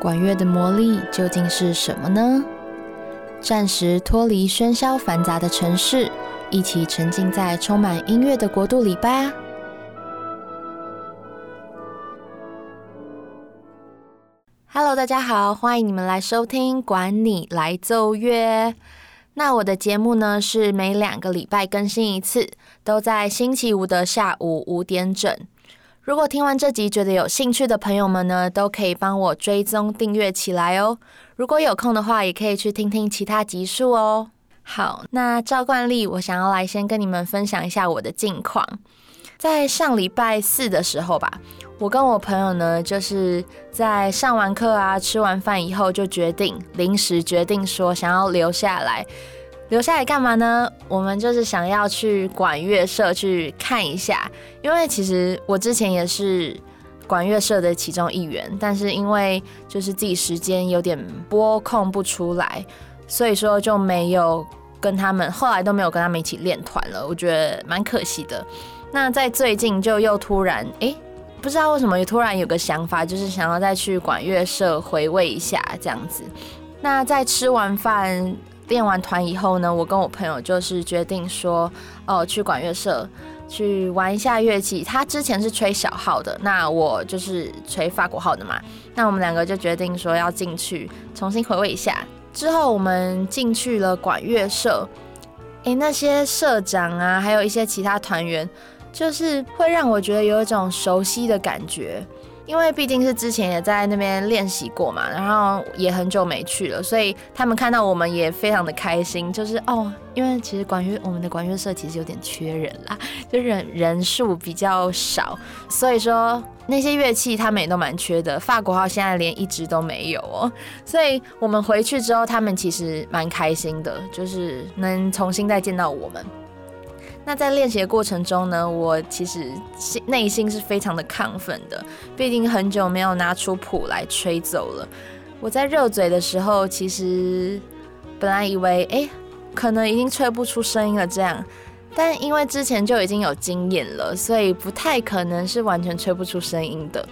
管樂的魔力究竟是什麼呢？暫時脫離喧囂繁雜的城市，一起沉浸在充滿音樂的國度裡吧。Hello，大家好，歡迎你們來收聽《管你來奏樂》。那我的節目呢，是每兩個禮拜更新一次，都在星期五的下午五點整。如果聽完這集覺得有興趣的朋友們呢，都可以幫我追蹤訂閱起來哦。如果有空的話，也可以去聽聽其他集數哦。好，那照慣例，我想要來先跟你們分享一下我的近況。在上禮拜四的時候吧，我跟我朋友呢，就是在上完課啊，吃完飯以後，就決定臨時決定說想要留下來。留下來幹嘛呢？我們就是想要去管樂社去看一下，因為其實我之前也是管樂社的其中一員，但是因為就是自己時間有點撥空不出來，所以說就沒有跟他們，後來都沒有跟他們一起練團了，我覺得蠻可惜的。那在最近就又突然誒、欸，不知道為什麼又突然有個想法，就是想要再去管樂社回味一下這樣子。那在吃完飯。練完團以後呢，我跟我朋友就是決定說，哦、呃，去管樂社去玩一下樂器。他之前是吹小號的，那我就是吹法國號的嘛。那我們兩個就決定說要進去重新回味一下。之後我們進去了管樂社，誒，那些社長啊，還有一些其他團員，就是會讓我覺得有一種熟悉的感覺。因為畢竟是之前也在那邊練習過嘛，然後也很久沒去了，所以他們看到我們也非常的開心。就是哦，因為其實管樂我們的管樂社其實有點缺人啦，就人人數比較少，所以說那些樂器他們也都蠻缺的。法國號現在連一支都沒有哦，所以我們回去之後，他們其實蠻開心的，就是能重新再見到我們。那在練習的過程中呢，我其實內心是非常的亢奮的，畢竟很久沒有拿出譜來吹奏了。我在熱嘴的時候，其實本來以為，誒、欸、可能已經吹不出聲音了這樣，但因為之前就已經有經驗了，所以不太可能是完全吹不出聲音的。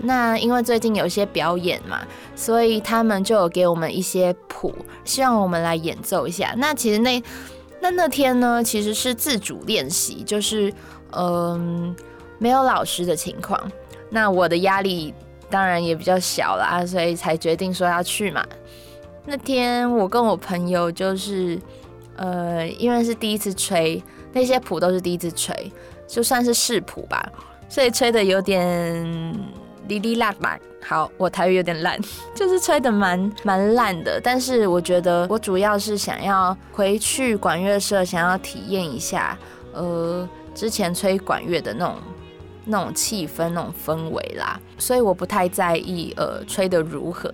那因為最近有一些表演嘛，所以他們就有給我們一些譜，希望我們來演奏一下。那其實那。那那天呢，其實是自主練習，就是嗯、呃，沒有老師的情況。那我的壓力當然也比較小啦，所以才決定說要去嘛。那天我跟我朋友就是，呃，因為是第一次吹，那些譜都是第一次吹，就算是試譜吧，所以吹得有點。滴滴辣啦，好，我台語有點爛，就是吹得蠻蠻爛的，但是我覺得我主要是想要回去管樂社，想要體驗一下，呃，之前吹管樂的那種那種氣氛、那種氛圍啦，所以我不太在意呃吹得如何。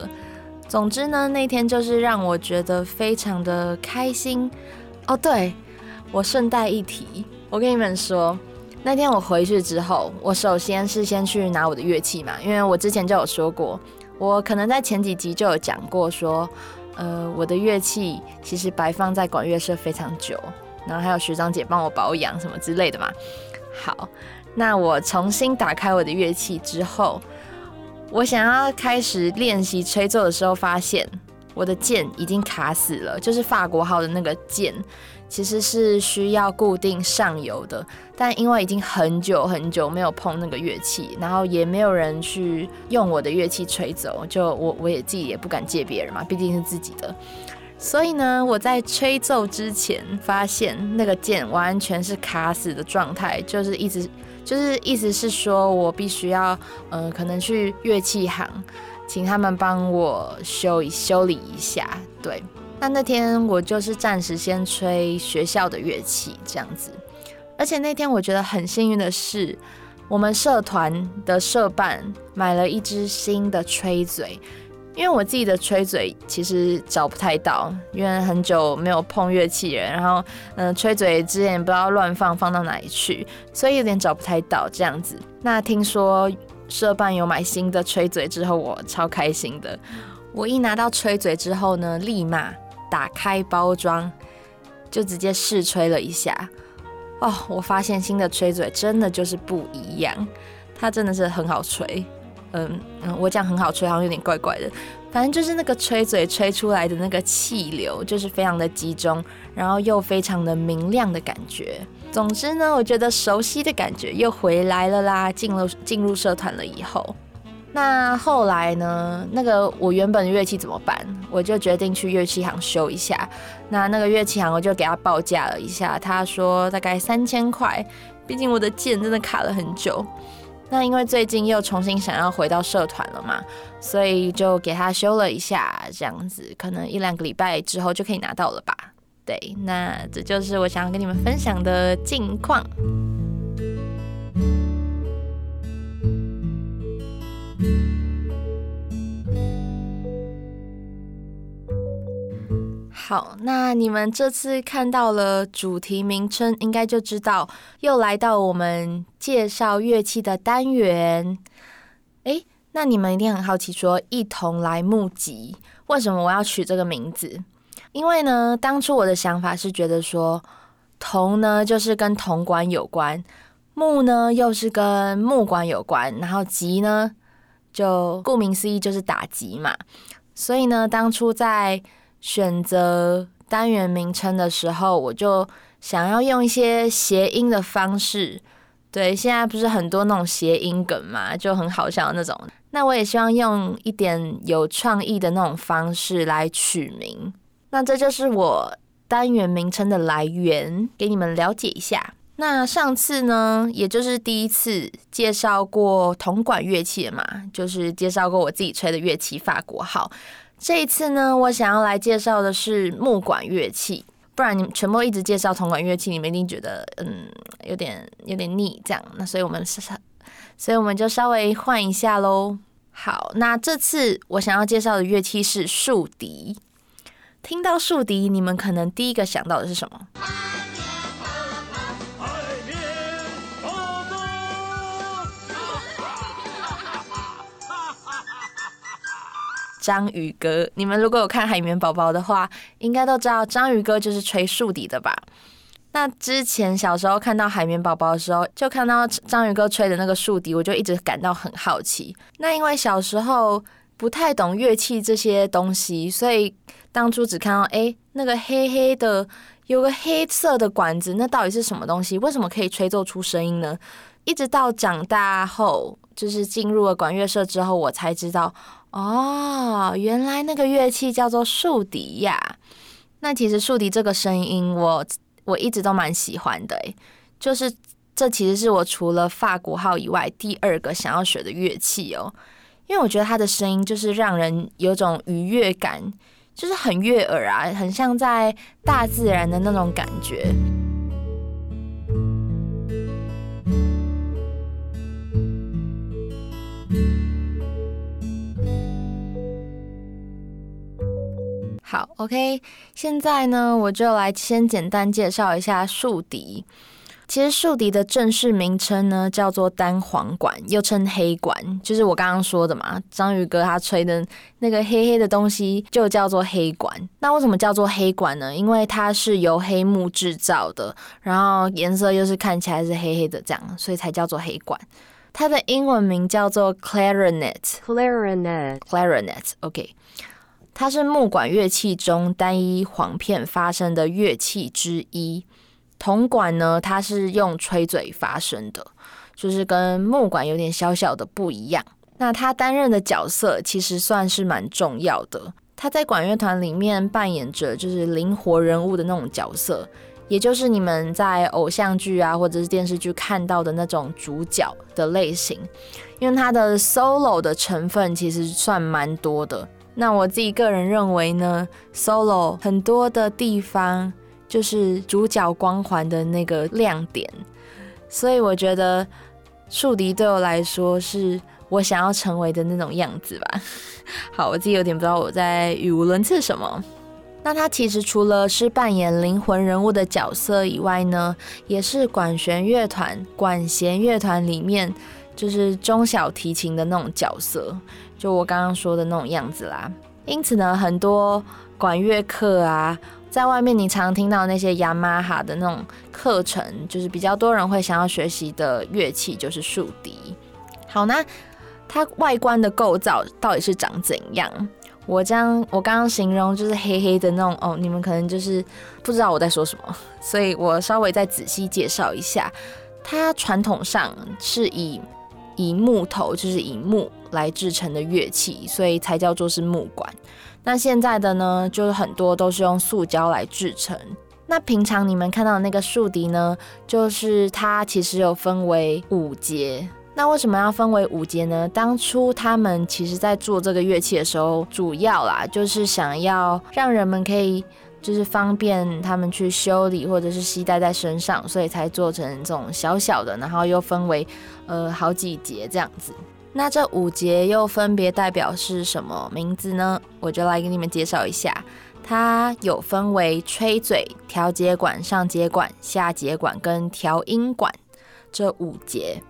總之呢，那天就是讓我覺得非常的開心。哦，對，我順帶一提，我跟你們說。那天我回去之後，我首先是先去拿我的樂器嘛，因為我之前就有說過，我可能在前幾集就有講過說，說呃我的樂器其實擺放在管樂社非常久，然後還有學長姐幫我保養什麼之類的嘛。好，那我重新打開我的樂器之後，我想要開始練習吹奏的時候，發現我的鍵已經卡死了，就是法國號的那個鍵。其實是需要固定上油的，但因為已經很久很久沒有碰那個樂器，然後也沒有人去用我的樂器吹奏。就我我也自己也不敢借別人嘛，畢竟是自己的。所以呢，我在吹奏之前發現那個鍵完全是卡死的狀態，就是一直就是意思是說我必須要，嗯、呃，可能去樂器行請他們幫我修修理一下，對。那那天我就是暫時先吹學校的樂器這樣子，而且那天我覺得很幸運的是，我們社團的社辦買了一支新的吹嘴，因為我自己的吹嘴其實找不太到，因為很久沒有碰樂器了，然後嗯、呃、吹嘴之前不知道亂放放到哪裡去，所以有點找不太到這樣子。那聽說社辦有買新的吹嘴之後，我超開心的。我一拿到吹嘴之後呢，立馬。打開包裝，就直接試吹了一下。哦，我發現新的吹嘴真的就是不一樣，它真的是很好吹。嗯嗯，我講很好吹，好像有點怪怪的，反正就是那個吹嘴吹出來的那個氣流，就是非常的集中，然後又非常的明亮的感覺。總之呢，我覺得熟悉的感覺又回來了啦。進了，進入社團了以後。那後來呢？那個我原本的樂器怎麼辦？我就決定去樂器行修一下。那那個樂器行我就給他報價了一下，他說大概三千塊。畢竟我的鍵真的卡了很久。那因為最近又重新想要回到社團了嘛，所以就給他修了一下。這樣子可能一兩個禮拜之後就可以拿到了吧。對，那這就是我想要跟你們分享的近況。好，那你們這次看到了主題名稱，應該就知道又來到我們介紹樂器的單元。誒、欸，那你們一定很好奇說，說一銅來木擊，為什麼我要取這個名字？因為呢，當初我的想法是覺得說，銅呢就是跟銅管有關，木呢又是跟木管有關，然後擊呢就顧名思義就是打擊嘛。所以呢，當初在選擇單元名稱的時候，我就想要用一些諧音的方式。對，現在不是很多那種諧音梗嘛，就很好笑的那種。那我也希望用一點有創意的那種方式來取名。那這就是我單元名稱的來源，給你們了解一下。那上次呢，也就是第一次介紹過銅管樂器嘛，就是介紹過我自己吹的樂器——法國號。這一次呢，我想要來介紹的是木管樂器。不然你們全部一直介紹銅管樂器，你們一定覺得嗯有點有點膩這樣。那所以我們所以我們就稍微換一下嘍。好，那這次我想要介紹的樂器是豎笛。聽到豎笛，你們可能第一個想到的是什麼？章魚哥，你們如果有看《海綿寶寶》的話，應該都知道章魚哥就是吹豎笛的吧？那之前小時候看到《海綿寶寶》的時候，就看到章魚哥吹的那個豎笛，我就一直感到很好奇。那因為小時候不太懂樂器這些東西，所以當初只看到誒、欸、那個黑黑的有個黑色的管子，那到底是什麼東西？為什麼可以吹奏出聲音呢？一直到長大後，就是進入了管樂社之後，我才知道。哦，原來那個樂器叫做豎笛呀。那其實豎笛這個聲音我，我我一直都蠻喜歡的、欸。就是這其實是我除了法國號以外第二個想要學的樂器哦、喔，因為我覺得它的聲音就是讓人有種愉悅感，就是很悅耳啊，很像在大自然的那種感覺。好，OK，現在呢，我就來先簡單介紹一下豎笛。其實豎笛的正式名稱呢，叫做單簧管，又稱黑管。就是我剛剛說的嘛，章魚哥他吹的那個黑黑的東西，就叫做黑管。那為什麼叫做黑管呢？因為它是由黑木製造的，然後顏色又是看起來是黑黑的這樣，所以才叫做黑管。它的英文名叫做 Clarinet，Clarinet，Clarinet，OK。Cl arin 它是木管樂器中單一簧片發聲的樂器之一，銅管呢，它是用吹嘴發聲的，就是跟木管有點小小的不一樣。那它擔任的角色其實算是蠻重要的，它在管樂團裡面扮演着就是靈活人物的那種角色，也就是你們在偶像劇啊或者是電視劇看到的那種主角的類型，因為它的 solo 的成分其實算蠻多的。那我自己個人認為呢，solo 很多的地方就是主角光環的那個亮點，所以我覺得豎笛對我來說是我想要成為的那種樣子吧。 好，我自己有點不知道我在語無倫次什麼。那他其實除了是扮演靈魂人物的角色以外呢，也是管弦樂團、管弦樂團裡面就是中小提琴的那種角色。就我剛剛說的那種樣子啦，因此呢，很多管樂課啊，在外面你常聽到那些雅馬哈的那種課程，就是比較多人會想要學習的樂器，就是豎笛。好呢，它外觀的構造到底是長怎樣？我將我剛剛形容就是黑黑的那種哦，你們可能就是不知道我在說什麼，所以我稍微再仔細介紹一下，它傳統上是以以木頭就是以木來制成的樂器，所以才叫做是木管。那現在的呢，就是很多都是用塑膠來製成。那平常你們看到的那個豎笛呢，就是它其實有分為五節。那為什麼要分為五節呢？當初他們其實在做這個樂器的時候，主要啦，就是想要讓人們可以。就是方便他們去修理，或者是攜帶在身上，所以才做成這種小小的，然後又分為呃好幾節這樣子。那這五節又分別代表是什麼名字呢？我就來給你們介紹一下。它有分為吹嘴、調節管、上節管、下節管跟調音管這五節。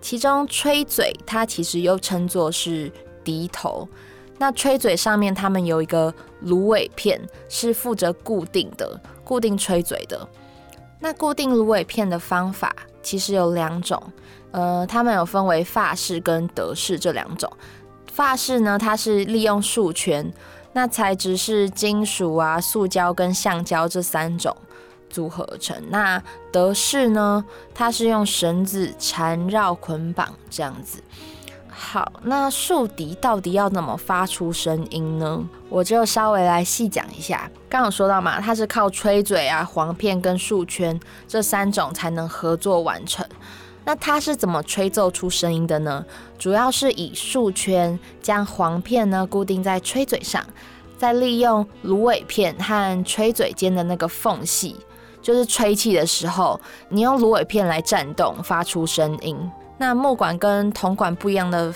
其中吹嘴它其實又稱作是笛頭。那吹嘴上面他們有一個。蘆葦片是負責固定的，固定吹嘴的。那固定蘆葦片的方法其實有兩種，呃，它們有分為法式跟德式這兩種。法式呢，它是利用束圈，那材質是金屬啊、塑膠跟橡膠這三種組合而成。那德式呢，它是用繩子纏繞捆綁這樣子。好，那豎笛到底要怎麼發出聲音呢？我就稍微來細講一下。剛有說到嘛，它是靠吹嘴啊、簧片、跟豎圈這三種才能合作完成。那它是怎麼吹奏出聲音的呢？主要是以豎圈將簧片呢固定在吹嘴上，再利用蘆葦片和吹嘴間的那個縫隙，就是吹氣的時候，你用蘆葦片來振動發出聲音。那木管跟銅管不一樣的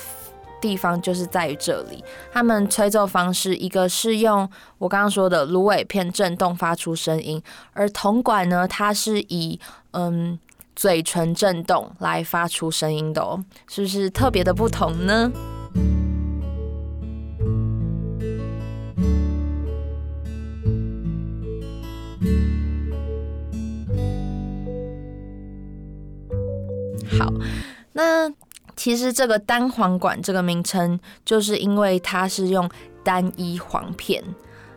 地方就是在於這裡，他們吹奏方式，一個是用我剛剛說的蘆葦片振動發出聲音，而銅管呢，它是以嗯嘴唇振動來發出聲音的哦，是不是特別的不同呢？好。那其實這個單簧管這個名稱，就是因為它是用單一簧片，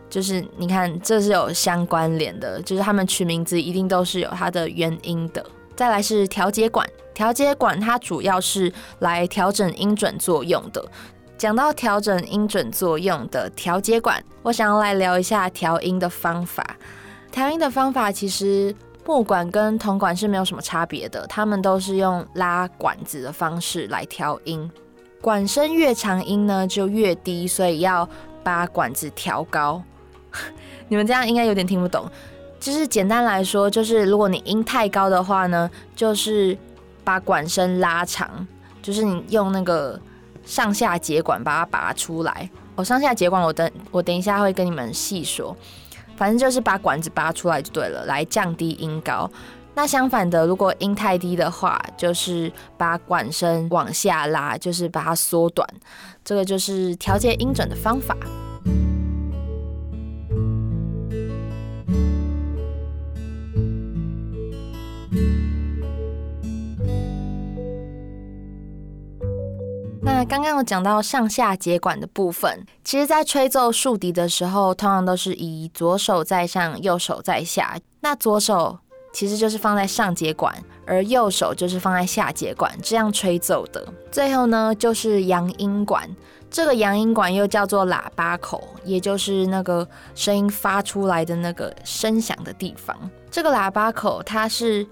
就是你看，這是有相關聯的，就是他們取名字一定都是有它的原因的。再來是調節管，調節管它主要是來調整音準作用的。講到調整音準作用的調節管，我想要來聊一下調音的方法。調音的方法其實。木管跟銅管是沒有什麼差別的，他們都是用拉管子的方式來調音。管身越長，音呢就越低，所以要把管子調高。 你們這樣應該有點聽不懂，就是簡單來說，就是如果你音太高的話呢，就是把管身拉長，就是你用那個上下節管把它拔出來。我、哦、上下節管，我等我等一下會跟你們細說。反正就是把管子拔出來就對了，來降低音高。那相反的，如果音太低的話，就是把管身往下拉，就是把它縮短。這個就是調節音準的方法。那、嗯、剛剛有講到上下節管的部分，其實，在吹奏豎笛的時候，通常都是以左手在上，右手在下。那左手其實就是放在上節管，而右手就是放在下節管，這樣吹奏的。最後呢，就是揚音管，這個揚音管又叫做喇叭口，也就是那個聲音發出來的那個聲響的地方。這個喇叭口，它是。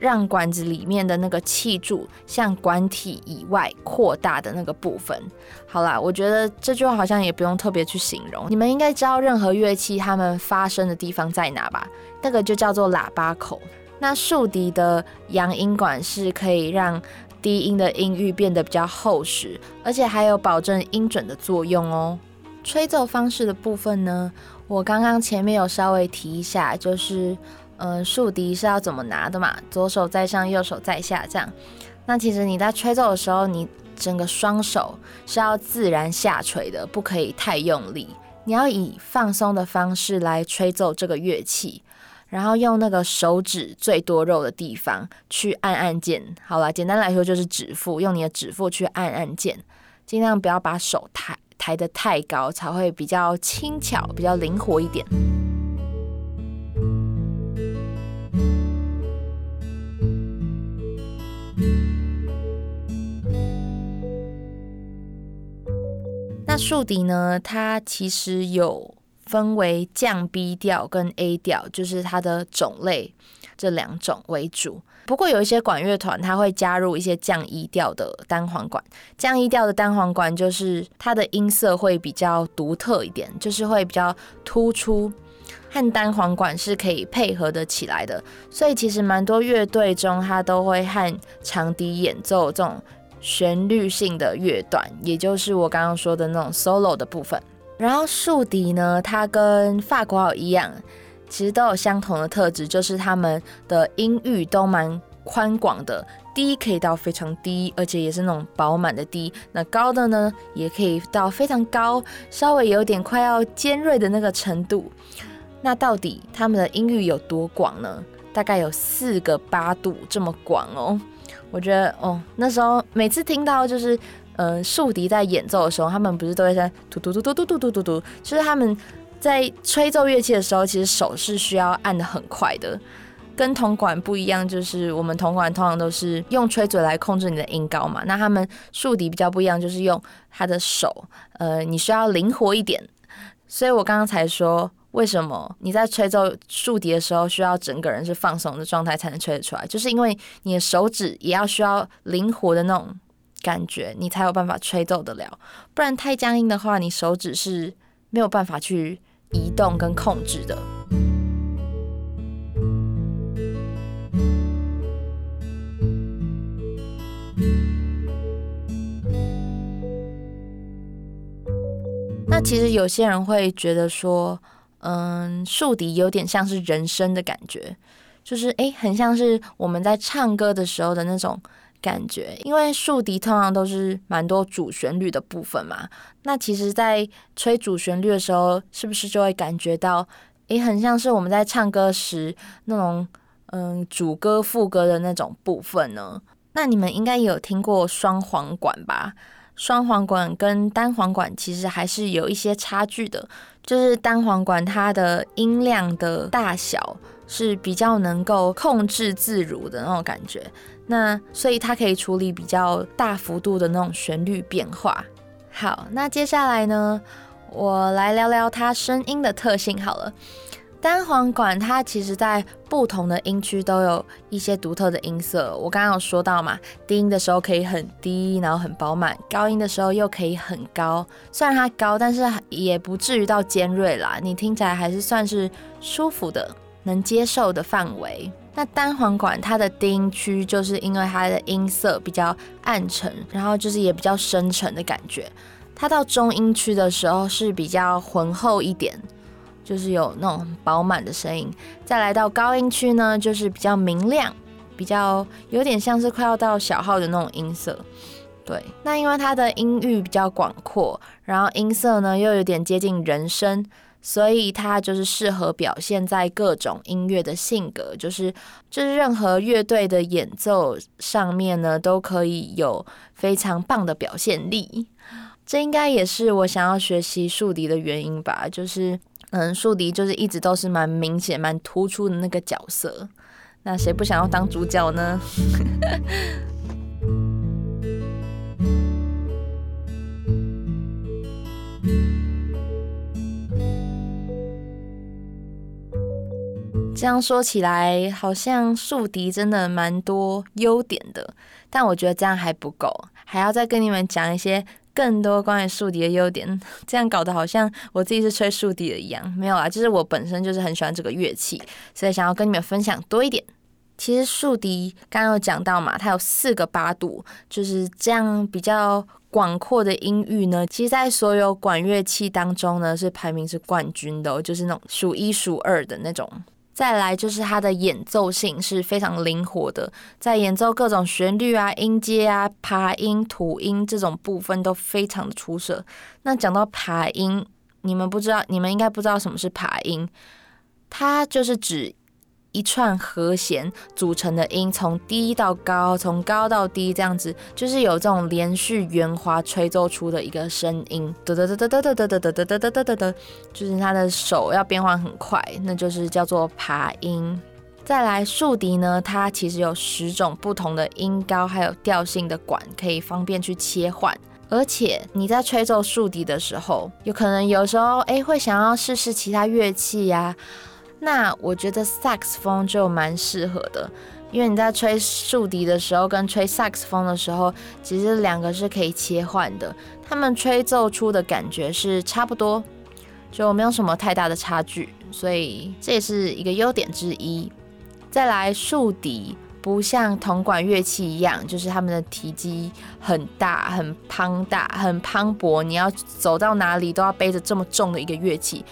讓管子裡面的那個氣柱向管體以外擴大的那個部分，好啦，我覺得這句話好像也不用特別去形容，你們應該知道任何樂器它們發聲的地方在哪吧？那個就叫做喇叭口。那豎笛的揚音管是可以讓低音的音域變得比較厚實，而且還有保證音準的作用哦。吹奏方式的部分呢，我剛剛前面有稍微提一下，就是。嗯，豎笛是要怎麼拿的嘛？左手在上，右手在下，這樣。那其實你在吹奏的時候，你整個雙手是要自然下垂的，不可以太用力。你要以放鬆的方式來吹奏這個樂器，然後用那個手指最多肉的地方去按按鍵。好了，簡單來說就是指腹，用你的指腹去按按鍵，盡量不要把手抬抬得太高，才會比較輕巧，比較靈活一點。那豎笛呢？它其實有分為降 B 調跟 A 調，就是它的種類這兩種為主。不過有一些管樂團，它會加入一些降 E 調的單簧管。降 E 調的單簧管就是它的音色會比較獨特一點，就是會比較突出，和單簧管是可以配合得起來的。所以其實蠻多樂隊中，它都會和長笛演奏這種旋律性的樂段，也就是我剛剛說的那種 solo 的部分。然後豎笛呢，它跟法國號一樣，其實都有相同的特質，就是它們的音域都蠻寬廣的，低可以到非常低，而且也是那種飽滿的低。那高的呢，也可以到非常高，稍微有點快要尖銳的那個程度。那到底它們的音域有多廣呢？大概有四個八度這麼廣哦。我覺得哦，那時候每次聽到就是，嗯、呃，豎笛在演奏的時候，他們不是都會在嘟、嘟嘟嘟嘟嘟嘟嘟嘟嘟，就是他們在吹奏樂器的時候，其實手是需要按的很快的，跟銅管不一樣，就是我們銅管通常都是用吹嘴來控制你的音高嘛，那他們豎笛比較不一樣，就是用他的手，呃，你需要靈活一點，所以我剛剛才說。為什麼你在吹奏豎笛的時候需要整個人是放鬆的狀態才能吹得出來？就是因為你的手指也要需要靈活的那種感覺，你才有辦法吹奏得了。不然太僵硬的話，你手指是沒有辦法去移動跟控制的。那其實有些人會覺得說，嗯，豎笛有點像是人聲的感覺，就是誒、欸，很像是我們在唱歌的時候的那種感覺。因為豎笛通常都是蠻多主旋律的部分嘛，那其實，在吹主旋律的時候，是不是就會感覺到，誒、欸，很像是我們在唱歌時那種嗯主歌副歌的那種部分呢？那你們應該有聽過雙簧管吧？雙簧管跟單簧管其實還是有一些差距的，就是單簧管它的音量的大小是比較能夠控制自如的那種感覺，那所以它可以處理比較大幅度的那種旋律變化。好，那接下來呢，我來聊聊它聲音的特性好了。單簧管它其實在不同的音區都有一些獨特的音色。我剛剛有說到嘛，低音的時候可以很低，然後很飽滿；高音的時候又可以很高。雖然它高，但是也不至於到尖銳啦，你聽起來還是算是舒服的，能接受的範圍。那單簧管它的低音區就是因為它的音色比較暗沉，然後就是也比較深沉的感覺。它到中音區的時候是比較渾厚一點。就是有那種飽滿的聲音，再來到高音區呢，就是比較明亮，比較有點像是快要到小號的那種音色。對，那因為它的音域比較廣闊，然後音色呢又有點接近人聲，所以它就是適合表現在各種音樂的性格，就是就是任何樂隊的演奏上面呢都可以有非常棒的表現力。這應該也是我想要學習豎笛的原因吧，就是。嗯，豎笛就是一直都是蠻明顯、蠻突出的那個角色。那誰不想要當主角呢？ 這樣說起來，好像豎笛真的蠻多優點的。但我覺得這樣還不夠，還要再跟你們講一些。更多關於豎笛的優點，這樣搞得好像我自己是吹豎笛的一樣。沒有啊，就是我本身就是很喜歡這個樂器，所以想要跟你們分享多一點。其實豎笛剛剛有講到嘛，它有四個八度，就是這樣比較廣闊的音域呢。其實在所有管樂器當中呢，是排名是冠軍的哦，就是那種數一數二的那種。再來就是它的演奏性是非常靈活的，在演奏各種旋律啊、音階啊、爬音、吐音這種部分都非常的出色。那講到爬音，你們不知道，你們應該不知道什麼是爬音，它就是指。一串和弦組成的音，從低到高，從高到低，這樣子就是有這種連續圓滑吹奏出的一個聲音。得得得得得得得得得得得得得得，就是他的手要變化很快，那就是叫做爬音。再來豎笛呢，它其實有十種不同的音高還有調性的管，可以方便去切換。而且你在吹奏豎笛的時候，有可能有時候哎會想要試試其他樂器呀。那我覺得薩克斯風就蠻適合的，因為你在吹豎笛的時候跟吹薩克斯風的時候，其實兩個是可以切換的，他們吹奏出的感覺是差不多，就沒有什麼太大的差距，所以這也是一個優點之一。再來，豎笛不像銅管樂器一樣，就是他們的體積很大，很龐大，很磅礴，你要走到哪裡都要背着這麼重的一個樂器。.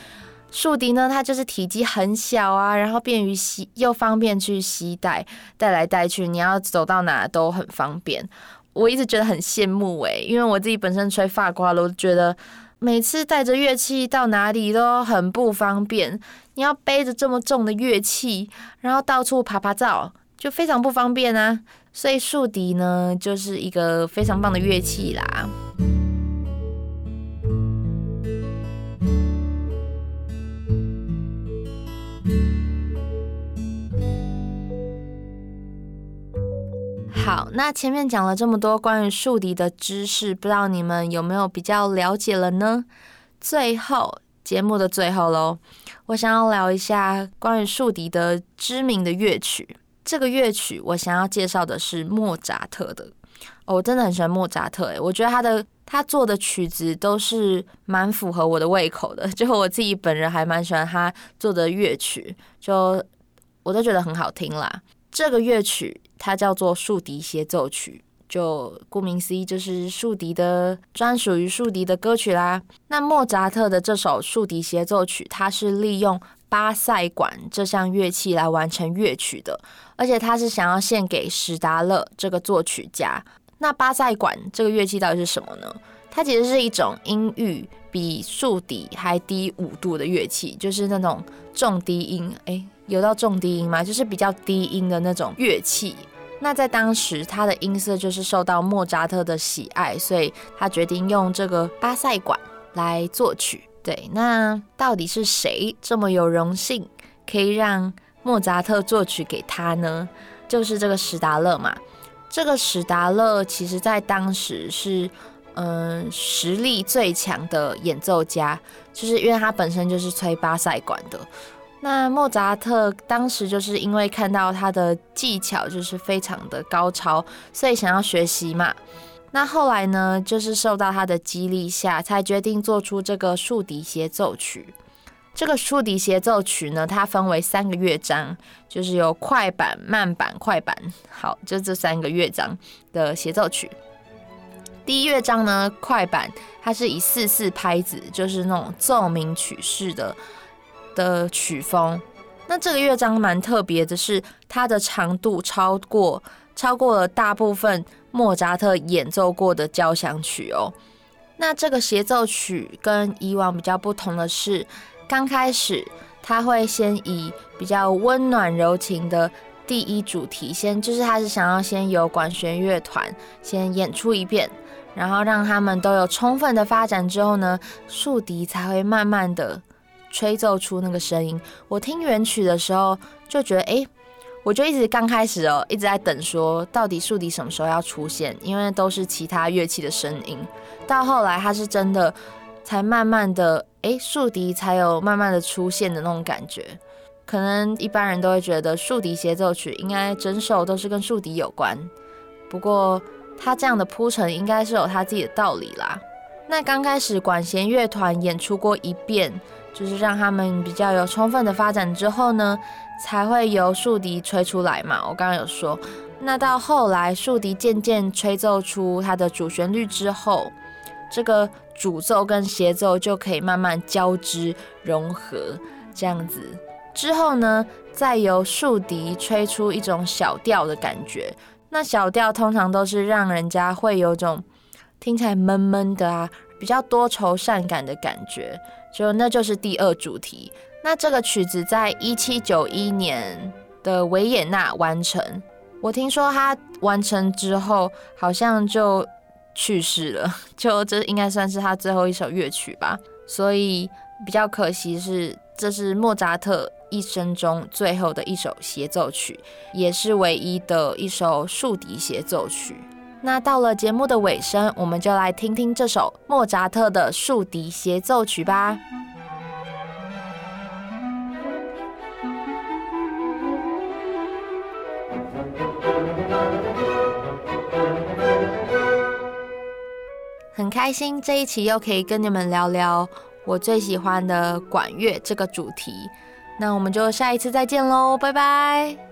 豎笛呢，它就是體積很小啊，然後便於吸，又方便去攜帶，帶來帶去，你要走到哪都很方便。我一直覺得很羨慕哎、欸，因為我自己本身吹法國號的，我覺得每次帶着樂器到哪裡都很不方便。你要背着這麼重的樂器，然後到處趴趴走，就非常不方便啊。所以豎笛呢，就是一個非常棒的樂器啦。好，那前面講了這麼多關於豎笛的知識，不知道你們有沒有比較了解了呢？最後節目的最後嘍，我想要聊一下關於豎笛的知名的樂曲。這個樂曲我想要介紹的是莫扎特的。哦，我真的很喜歡莫扎特，哎，我覺得他的他做的曲子都是蠻符合我的胃口的，就我自己本人還蠻喜歡他做的樂曲，就我都覺得很好聽啦。這個樂曲它叫做豎笛協奏曲，就顧名思義，就是豎笛的專屬於豎笛的歌曲啦。那莫扎特的這首豎笛協奏曲，它是利用巴塞管這項樂器來完成樂曲的，而且它是想要獻給史達勒這個作曲家。那巴塞管這個樂器到底是什麼呢？它其實是一種音域比豎笛還低五度的樂器，就是那種重低音。哎。有到重低音嘛？就是比較低音的那種樂器。那在當時，他的音色就是受到莫扎特的喜愛，所以他決定用這個巴塞管來作曲。對，那到底是誰這麼有榮幸可以讓莫扎特作曲給他呢？就是這個史達勒嘛。這個史達勒其實在當時是嗯、呃、實力最強的演奏家，就是因為他本身就是吹巴塞管的。那莫扎特當時就是因為看到他的技巧就是非常的高超，所以想要學習嘛。那後來呢，就是受到他的激勵下，才決定做出這個豎笛協奏曲。這個豎笛協奏曲呢，它分為三個樂章，就是有快板、慢板、快板，好，就這三個樂章的協奏曲。第一樂章呢，快板，它是以四四拍子，就是那種奏鳴曲式的。的曲風，那這個樂章蠻特別的是，它的長度超過超過了大部分莫扎特演奏過的交響曲哦。那這個協奏曲跟以往比較不同的是，剛開始他會先以比較溫暖柔情的第一主題先，先就是他是想要先由管弦樂團先演出一遍，然後讓他們都有充分的發展之後呢，豎笛才會慢慢的。吹奏出那個聲音。我聽原曲的時候就覺得，哎，我就一直剛開始哦，一直在等，說到底豎笛什麼時候要出現？因為都是其他樂器的聲音。到後來，它是真的，才慢慢的，哎，豎笛才有慢慢的出現的那種感覺。可能一般人都會覺得豎笛協奏曲應該整首都是跟豎笛有關。不過它這樣的鋪陳應該是有它自己的道理啦。那剛開始管弦樂團演出過一遍。就是讓他們比較有充分的發展之後呢，才會由豎笛吹出來嘛。我剛剛有說，那到後來豎笛漸漸吹奏出它的主旋律之後，這個主奏跟協奏就可以慢慢交織融合，這樣子之後呢，再由豎笛吹出一種小調的感覺。那小調通常都是讓人家會有種聽起來悶悶的啊，比較多愁善感的感覺。就那就是第二主題。那這個曲子在一七九一年的維也納完成。我聽說他完成之後好像就去世了，就這應該算是他最後一首樂曲吧。所以比較可惜是，這是莫扎特一生中最後的一首協奏曲，也是唯一的一首豎笛協奏曲。那到了節目的尾聲，我們就來聽聽這首莫扎特的豎笛協奏曲吧。很開心，這一期又可以跟你們聊聊我最喜歡的管樂這個主題。那我們就下一次再見嘍，拜拜。